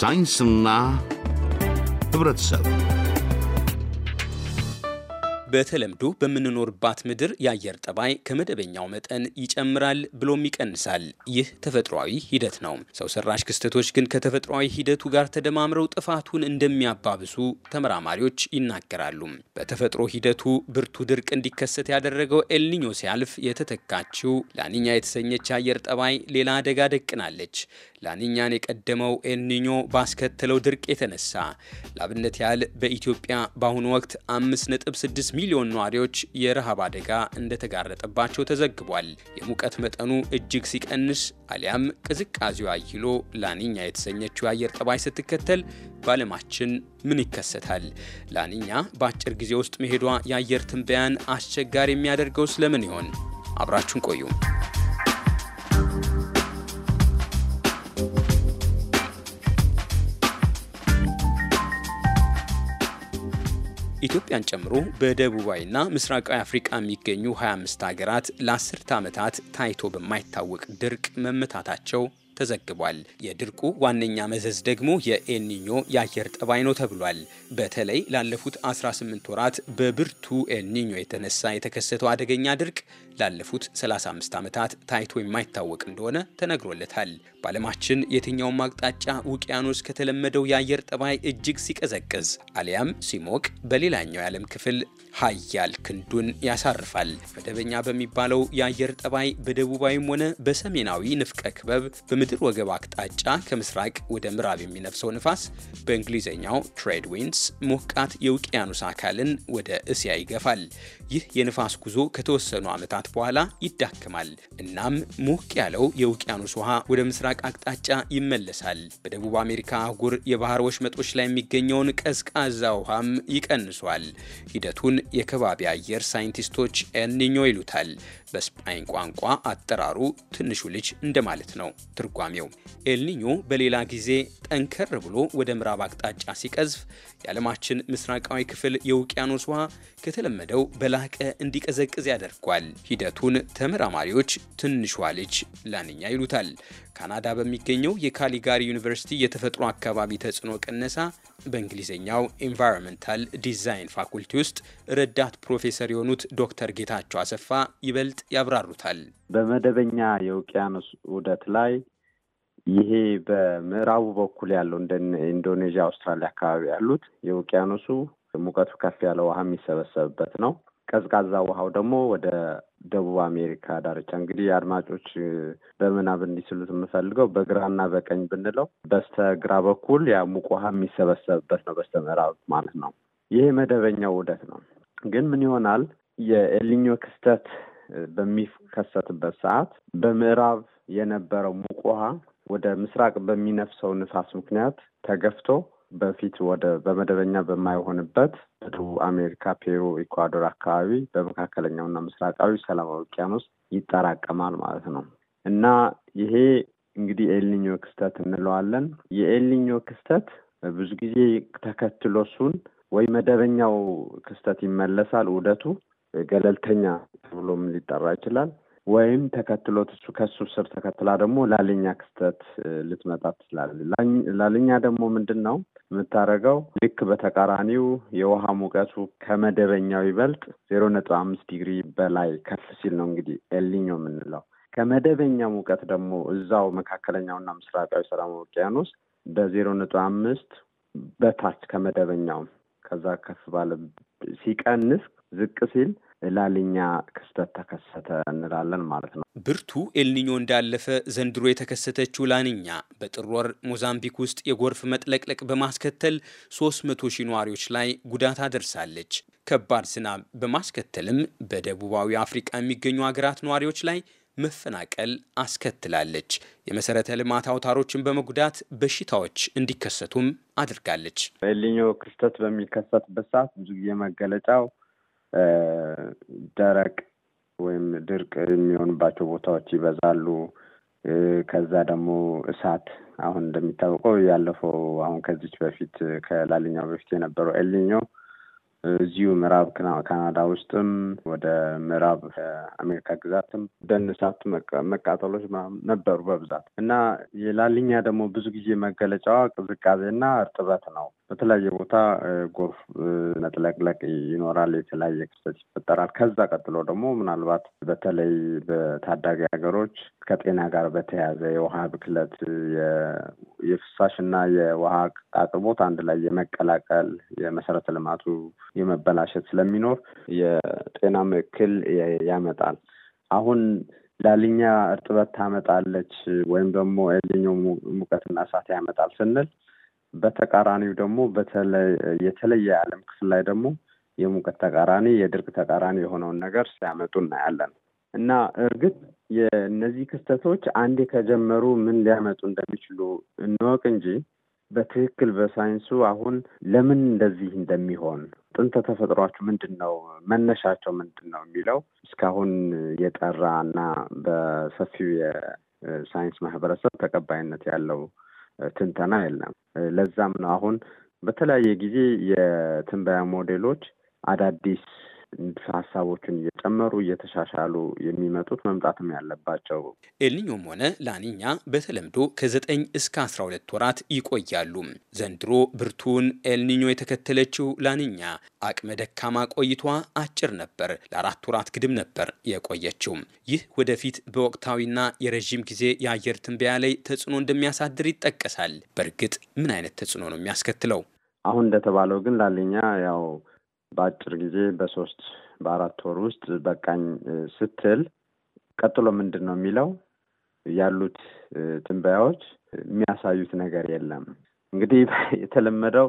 ሳይንስና ህብረተሰብ በተለምዶ በምንኖርባት ምድር የአየር ጠባይ ከመደበኛው መጠን ይጨምራል ብሎም ይቀንሳል። ይህ ተፈጥሯዊ ሂደት ነው። ሰው ሰራሽ ክስተቶች ግን ከተፈጥሯዊ ሂደቱ ጋር ተደማምረው ጥፋቱን እንደሚያባብሱ ተመራማሪዎች ይናገራሉ። በተፈጥሮ ሂደቱ ብርቱ ድርቅ እንዲከሰት ያደረገው ኤልኒኞ ሲያልፍ የተተካችው ላኒኛ የተሰኘች አየር ጠባይ ሌላ አደጋ ደቅናለች። ላኒኛን የቀደመው ኤልኒኞ ባስከተለው ድርቅ የተነሳ ለአብነት ያህል በኢትዮጵያ በአሁኑ ወቅት 5.6 ሚሊዮን ነዋሪዎች የረሃብ አደጋ እንደተጋረጠባቸው ተዘግቧል። የሙቀት መጠኑ እጅግ ሲቀንስ አሊያም ቅዝቃዜው አይሎ ላኒኛ የተሰኘችው የአየር ጠባይ ስትከተል በዓለማችን ምን ይከሰታል? ላኒኛ በአጭር ጊዜ ውስጥ መሄዷ የአየር ትንበያን አስቸጋሪ የሚያደርገው ስለምን ይሆን? አብራችሁን ቆዩ። ኢትዮጵያን ጨምሮ በደቡባዊና ምስራቃዊ አፍሪቃ የሚገኙ 25 ሀገራት ለአስርተ ዓመታት ታይቶ በማይታወቅ ድርቅ መመታታቸው ተዘግቧል። የድርቁ ዋነኛ መዘዝ ደግሞ የኤልኒኞ የአየር ጠባይ ነው ተብሏል። በተለይ ላለፉት 18 ወራት በብርቱ ኤልኒኞ የተነሳ የተከሰተው አደገኛ ድርቅ ላለፉት 35 ዓመታት ታይቶ የማይታወቅ እንደሆነ ተነግሮለታል። በዓለማችን የትኛውም አቅጣጫ ውቅያኖስ ከተለመደው የአየር ጠባይ እጅግ ሲቀዘቅዝ አሊያም ሲሞቅ በሌላኛው የዓለም ክፍል ሀያል ክንዱን ያሳርፋል። መደበኛ በሚባለው የአየር ጠባይ በደቡባዊም ሆነ በሰሜናዊ ንፍቀ ክበብ በምድር ወገብ አቅጣጫ ከምስራቅ ወደ ምዕራብ የሚነፍሰው ንፋስ በእንግሊዝኛው ትሬድ ዊንስ ሞቃት የውቅያኖስ አካልን ወደ እስያ ይገፋል። ይህ የንፋስ ጉዞ ከተወሰኑ ዓመታት በኋላ ይዳክማል። እናም ሞቅ ያለው የውቅያኖስ ውሃ ወደ ምስራቅ አቅጣጫ ይመለሳል። በደቡብ አሜሪካ አህጉር የባህር ወሽመጦች ላይ የሚገኘውን ቀዝቃዛ ውሃም ይቀንሷል። ሂደቱን የከባቢ አየር ሳይንቲስቶች ኤልኒኞ ይሉታል። በስፓይን ቋንቋ አጠራሩ ትንሹ ልጅ እንደማለት ነው። ትርጉ ትርጓሜው። ኤልኒኞ በሌላ ጊዜ ጠንከር ብሎ ወደ ምዕራብ አቅጣጫ ሲቀዝፍ የዓለማችን ምስራቃዊ ክፍል የውቅያኖስ ውሃ ከተለመደው በላቀ እንዲቀዘቅዝ ያደርጓል። ሂደቱን ተመራማሪዎች ትንሿ ልጅ ላንኛ ይሉታል። ካናዳ በሚገኘው የካሊጋሪ ዩኒቨርሲቲ የተፈጥሮ አካባቢ ተጽዕኖ ቅነሳ በእንግሊዝኛው ኢንቫይሮንመንታል ዲዛይን ፋኩልቲ ውስጥ ረዳት ፕሮፌሰር የሆኑት ዶክተር ጌታቸው አሰፋ ይበልጥ ያብራሩታል። በመደበኛ የውቅያኖስ ውደት ላይ ይሄ በምዕራቡ በኩል ያለው እንደ ኢንዶኔዥያ፣ አውስትራሊያ አካባቢ ያሉት የውቅያኖሱ ሙቀቱ ከፍ ያለ ውሃ የሚሰበሰብበት ነው። ቀዝቃዛ ውሃው ደግሞ ወደ ደቡብ አሜሪካ ዳርቻ እንግዲህ አድማጮች በምናብ እንዲስሉት የምፈልገው በግራና በቀኝ ብንለው በስተግራ በኩል ያ ሙቅ ውሃ የሚሰበሰብበት ነው፣ በስተ ምዕራብ ማለት ነው። ይሄ መደበኛው ውደት ነው። ግን ምን ይሆናል? የኤልኒኞ ክስተት በሚከሰትበት ሰዓት በምዕራብ የነበረው ሙቅ ውሃ ወደ ምስራቅ በሚነፍሰው ንፋስ ምክንያት ተገፍቶ በፊት ወደ በመደበኛ በማይሆንበት በደቡብ አሜሪካ፣ ፔሩ፣ ኢኳዶር አካባቢ በመካከለኛውና ምስራቃዊ ሰላማዊ ውቅያኖስ ይጠራቀማል ማለት ነው እና ይሄ እንግዲህ ኤልኒኞ ክስተት እንለዋለን። የኤልኒኞ ክስተት ብዙ ጊዜ ተከትሎ ሱን ወይ መደበኛው ክስተት ይመለሳል ውደቱ ገለልተኛ ተብሎም ሊጠራ ይችላል ወይም ተከትሎት እሱ ስር ተከትላ ደግሞ ላልኛ ክስተት ልትመጣ ትችላለች። ላልኛ ደግሞ ምንድን ነው የምታደርገው? ልክ በተቃራኒው የውሃ ሙቀቱ ከመደበኛው ይበልጥ ዜሮ ነጥብ አምስት ዲግሪ በላይ ከፍ ሲል ነው እንግዲህ ኤልኒኞ የምንለው። ከመደበኛ ሙቀት ደግሞ እዛው መካከለኛውና ምስራቃዊ ሰላም ውቅያኖስ በዜሮ ነጥብ አምስት በታች ከመደበኛው ከዛ ከፍ ባለ ሲቀንስ ዝቅ ሲል ላሊኛ ክስተት ተከሰተ እንላለን ማለት ነው። ብርቱ ኤልኒኞ እንዳለፈ ዘንድሮ የተከሰተችው ላኒኛ በጥር ወር ሞዛምቢክ ውስጥ የጎርፍ መጥለቅለቅ በማስከተል 300 ሺህ ነዋሪዎች ላይ ጉዳት አደርሳለች። ከባድ ዝናብ በማስከተልም በደቡባዊ አፍሪቃ የሚገኙ ሀገራት ነዋሪዎች ላይ መፈናቀል አስከትላለች። የመሰረተ ልማት አውታሮችን በመጉዳት በሽታዎች እንዲከሰቱም አድርጋለች። ኤልኒኞ ክስተት በሚከሰትበት ሰዓት ብዙ ጊዜ መገለጫው ደረቅ ወይም ድርቅ የሚሆንባቸው ቦታዎች ይበዛሉ። ከዛ ደግሞ እሳት አሁን እንደሚታወቀው ያለፈው አሁን ከዚች በፊት ከላሊኛው በፊት የነበረው ኤልኒኞ እዚሁ ምዕራብ ካናዳ ውስጥም ወደ ምዕራብ አሜሪካ ግዛትም ደን እሳት መቃጠሎች ነበሩ በብዛት እና የላሊኛ ደግሞ ብዙ ጊዜ መገለጫዋ ቅዝቃዜና እርጥበት ነው። በተለያየ ቦታ ጎርፍ መጥለቅለቅ ይኖራል፣ የተለያየ ክስተት ይፈጠራል። ከዛ ቀጥሎ ደግሞ ምናልባት በተለይ በታዳጊ ሀገሮች ከጤና ጋር በተያያዘ የውሃ ብክለት፣ የፍሳሽና የውሃ አቅርቦት አንድ ላይ የመቀላቀል የመሰረተ ልማቱ የመበላሸት ስለሚኖር የጤና ምክል ያመጣል። አሁን ላሊኛ እርጥበት ታመጣለች ወይም ደግሞ ኤልኞ ሙቀትና እሳት ያመጣል ስንል በተቃራኒው ደግሞ የተለየ የዓለም ክፍል ላይ ደግሞ የሙቀት ተቃራኒ፣ የድርቅ ተቃራኒ የሆነውን ነገር ሲያመጡ እናያለን እና እርግጥ የእነዚህ ክስተቶች አንዴ ከጀመሩ ምን ሊያመጡ እንደሚችሉ እንወቅ እንጂ በትክክል በሳይንሱ አሁን ለምን እንደዚህ እንደሚሆን ጥንተ ተፈጥሯችሁ ምንድን ነው፣ መነሻቸው ምንድን ነው የሚለው እስካሁን የጠራ እና በሰፊው የሳይንስ ማህበረሰብ ተቀባይነት ያለው ትንተና የለም። ለዛም ነው አሁን በተለያየ ጊዜ የትንበያ ሞዴሎች አዳዲስ ሀሳቦችን እየጨመሩ እየተሻሻሉ የሚመጡት መምጣትም ያለባቸው። ኤልኒኞም ሆነ ላኒኛ በተለምዶ ከዘጠኝ እስከ አስራ ሁለት ወራት ይቆያሉ። ዘንድሮ ብርቱን ኤልኒኞ የተከተለችው ላኒኛ አቅመ ደካማ ቆይቷ አጭር ነበር። ለአራት ወራት ግድም ነበር የቆየችው። ይህ ወደፊት በወቅታዊና የረዥም ጊዜ የአየር ትንበያ ላይ ተጽዕኖ እንደሚያሳድር ይጠቀሳል። በእርግጥ ምን አይነት ተጽዕኖ ነው የሚያስከትለው? አሁን እንደተባለው ግን ላኒኛ ያው በአጭር ጊዜ በሶስት በአራት ወር ውስጥ በቃኝ ስትል ቀጥሎ ምንድን ነው የሚለው ያሉት ትንበያዎች የሚያሳዩት ነገር የለም። እንግዲህ የተለመደው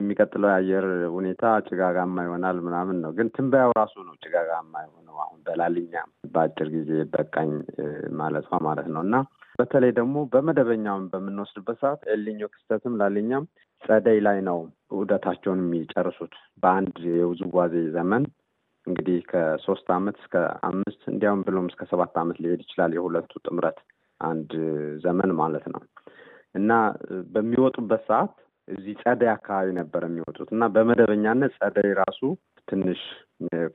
የሚቀጥለው የአየር ሁኔታ ጭጋጋማ ይሆናል ምናምን ነው። ግን ትንበያው ራሱ ነው ጭጋጋማ የሆነው አሁን በላልኛ በአጭር ጊዜ በቃኝ ማለቷ ማለት ነው። እና በተለይ ደግሞ በመደበኛውም በምንወስድበት ሰዓት ኤልኞ ክስተትም ላልኛም ጸደይ ላይ ነው ዑደታቸውን የሚጨርሱት በአንድ የውዝዋዜ ዘመን እንግዲህ ከሶስት አመት እስከ አምስት እንዲያውም ብሎም እስከ ሰባት አመት ሊሄድ ይችላል የሁለቱ ጥምረት አንድ ዘመን ማለት ነው እና በሚወጡበት ሰዓት እዚህ ጸደይ አካባቢ ነበር የሚወጡት እና በመደበኛነት ጸደይ ራሱ ትንሽ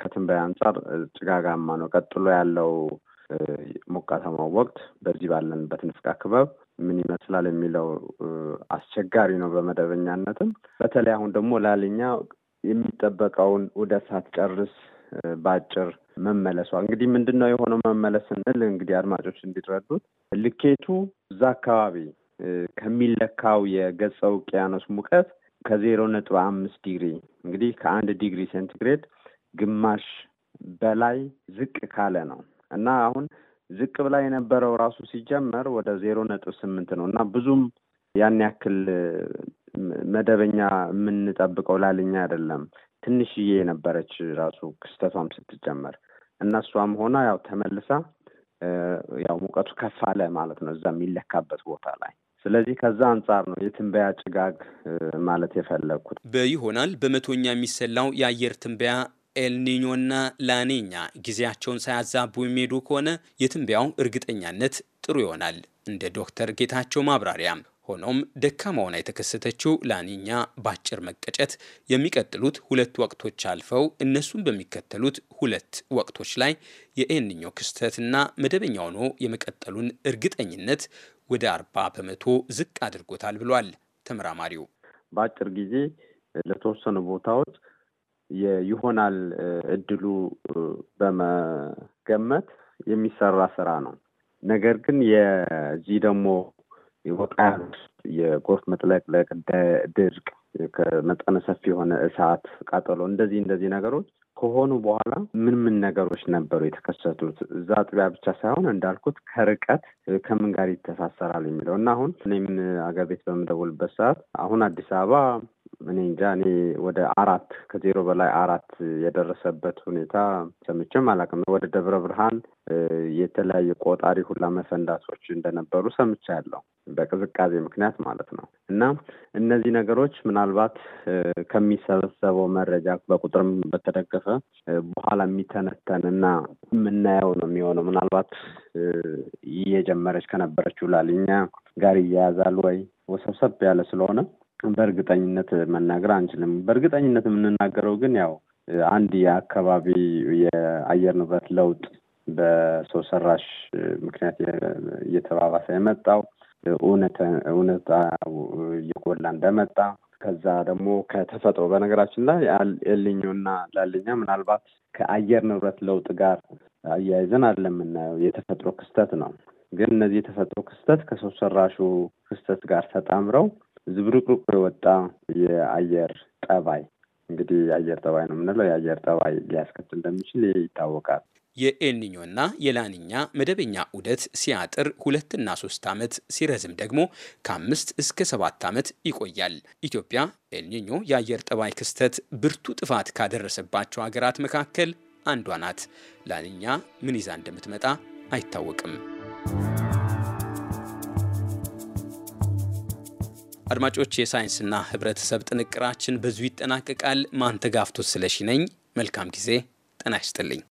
ከትንበያ አንጻር ጭጋጋማ ነው። ቀጥሎ ያለው ሞቃተማው ወቅት በዚህ ባለንበት ንፍቀ ክበብ ምን ይመስላል የሚለው አስቸጋሪ ነው። በመደበኛነትም በተለይ አሁን ደግሞ ላልኛ የሚጠበቀውን ውደት ሳትጨርስ በአጭር መመለሷ እንግዲህ ምንድን ነው የሆነው መመለስ ስንል እንግዲህ አድማጮች እንዲረዱት ልኬቱ እዛ አካባቢ ከሚለካው የገጸ ውቅያኖስ ሙቀት ከዜሮ ነጥብ አምስት ዲግሪ እንግዲህ ከአንድ ዲግሪ ሴንቲግሬድ ግማሽ በላይ ዝቅ ካለ ነው እና አሁን ዝቅ ብላ የነበረው ራሱ ሲጀመር ወደ ዜሮ ነጥብ ስምንት ነው እና ብዙም ያን ያክል መደበኛ የምንጠብቀው ላልኛ አይደለም። ትንሽዬ የነበረች ራሱ ክስተቷም ስትጀመር እና እሷም ሆና ያው ተመልሳ ያው ሙቀቱ ከፍ አለ ማለት ነው እዛ የሚለካበት ቦታ ላይ። ስለዚህ ከዛ አንጻር ነው የትንበያ ጭጋግ ማለት የፈለግኩት በይሆናል በመቶኛ የሚሰላው የአየር ትንበያ ኤልኒኞና ላኒኛ ጊዜያቸውን ሳያዛቡ የሚሄዱ ከሆነ የትንበያው እርግጠኛነት ጥሩ ይሆናል። እንደ ዶክተር ጌታቸው ማብራሪያ ሆኖም ደካማ ሆና የተከሰተችው ላኒኛ በአጭር መቀጨት የሚቀጥሉት ሁለት ወቅቶች አልፈው እነሱን በሚከተሉት ሁለት ወቅቶች ላይ የኤልኒኞ ክስተትና መደበኛ ሆኖ የመቀጠሉን እርግጠኝነት ወደ አርባ በመቶ ዝቅ አድርጎታል ብሏል ተመራማሪው። በአጭር ጊዜ ለተወሰኑ ቦታዎች ይሆናል እድሉ በመገመት የሚሰራ ስራ ነው። ነገር ግን የዚህ ደግሞ ወጣ የጎርፍ መጥለቅለቅ፣ ድርቅ፣ ከመጠነ ሰፊ የሆነ እሳት ቃጠሎ፣ እንደዚህ እንደዚህ ነገሮች ከሆኑ በኋላ ምን ምን ነገሮች ነበሩ የተከሰቱት? እዛ አጥቢያ ብቻ ሳይሆን እንዳልኩት ከርቀት ከምን ጋር ይተሳሰራል የሚለው እና አሁን እኔም አገር ቤት በምደውልበት ሰዓት አሁን አዲስ አበባ እኔ እንጃ እኔ ወደ አራት ከዜሮ በላይ አራት የደረሰበት ሁኔታ ሰምቼም አላውቅም። ወደ ደብረ ብርሃን የተለያዩ ቆጣሪ ሁላ መፈንዳቶች እንደነበሩ ሰምቻለሁ፣ በቅዝቃዜ ምክንያት ማለት ነው። እና እነዚህ ነገሮች ምናልባት ከሚሰበሰበው መረጃ በቁጥርም በተደገፈ በኋላ የሚተነተን እና የምናየው ነው የሚሆነው። ምናልባት እየጀመረች ከነበረችው ላልኛ ጋር ይያያዛል ወይ ወሰብሰብ ያለ ስለሆነ በእርግጠኝነት መናገር አንችልም። በእርግጠኝነት የምንናገረው ግን ያው አንድ የአካባቢ የአየር ንብረት ለውጥ በሰው ሰራሽ ምክንያት እየተባባሰ የመጣው እውነት እየጎላ እንደመጣ ከዛ ደግሞ ከተፈጥሮ በነገራችን ላይ እና ላልኛ ምናልባት ከአየር ንብረት ለውጥ ጋር አያይዘን አለ የምናየው የተፈጥሮ ክስተት ነው። ግን እነዚህ የተፈጥሮ ክስተት ከሰው ሰራሹ ክስተት ጋር ተጣምረው ዝብርቅርቅ የወጣ የአየር ጠባይ እንግዲህ የአየር ጠባይ ነው የምንለው የአየር ጠባይ ሊያስከትል እንደሚችል ይታወቃል። የኤልኒኞና የላኒኛ መደበኛ ዑደት ሲያጥር ሁለትና ሶስት ዓመት ሲረዝም ደግሞ ከአምስት እስከ ሰባት ዓመት ይቆያል። ኢትዮጵያ ኤልኒኞ የአየር ጠባይ ክስተት ብርቱ ጥፋት ካደረሰባቸው ሀገራት መካከል አንዷ ናት። ላኒኛ ምን ይዛ እንደምትመጣ አይታወቅም። አድማጮች፣ የሳይንስና ህብረተሰብ ጥንቅራችን በዙ ይጠናቀቃል። ማንተጋፍቶት ስለሺ ነኝ። መልካም ጊዜ። ጤና ይስጥልኝ።